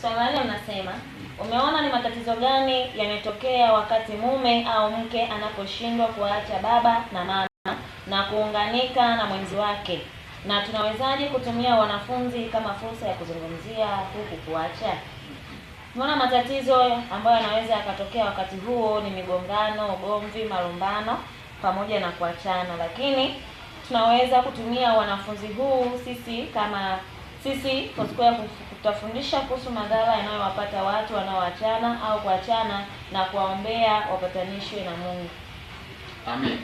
Swali la unasema umeona ni matatizo gani yametokea wakati mume au mke anaposhindwa kuacha baba na mama na kuunganika na mwenzi wake, na tunawezaje kutumia wanafunzi kama fursa ya kuzungumzia huku kuacha? Umeona matatizo ambayo yanaweza yakatokea wakati huo ni migongano, ugomvi, malumbano pamoja na kuachana, lakini tunaweza kutumia wanafunzi huu sisi kama sisi Foursquare ya tutafundisha kuhusu madhara yanayowapata watu wanaoachana au kuachana na kuwaombea wapatanishwe na Mungu. Amen.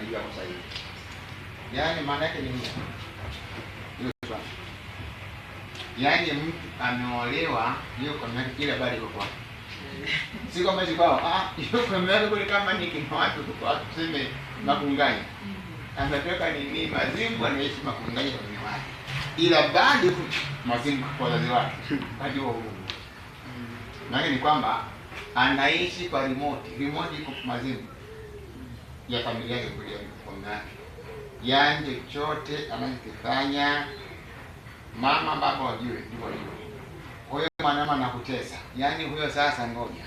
Najua kwa sahihi. Yaani maana yake ni nini? Yaani mtu ameolewa hiyo kwa maana ile habari iko kwa. Si kwamba si kwao. Ah, yuko kwa maana kule kama ni kina watu kwa tuseme makunganya. Anatoka nini Mazimbu anaishi makungani kwa wake ila bali mwazimu kwa wazazi wake wakati huo huo, ni kwamba anaishi kwa remote. Remote iko mazimu ya familia yake kulia mkono yake, yani chochote anachokifanya mama baba wajue, ndio hivyo. Kwa hiyo mwanama nakutesa yani huyo sasa ngoja.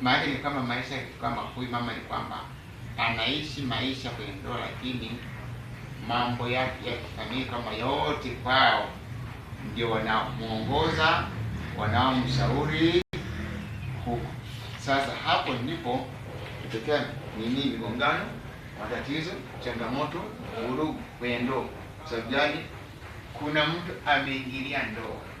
Maana ni kama maisha kama huyu mama ni kwamba anaishi maisha kwenye ndoa lakini mambo yake yakifanyika mayote kwao, ndio wanamwongoza wanaomshauri huko. Sasa hapo ndipo kutokea nini? Migongano, matatizo, changamoto, vurugu kwenye ndoa. sababu gani? Kuna mtu ameingilia ndoa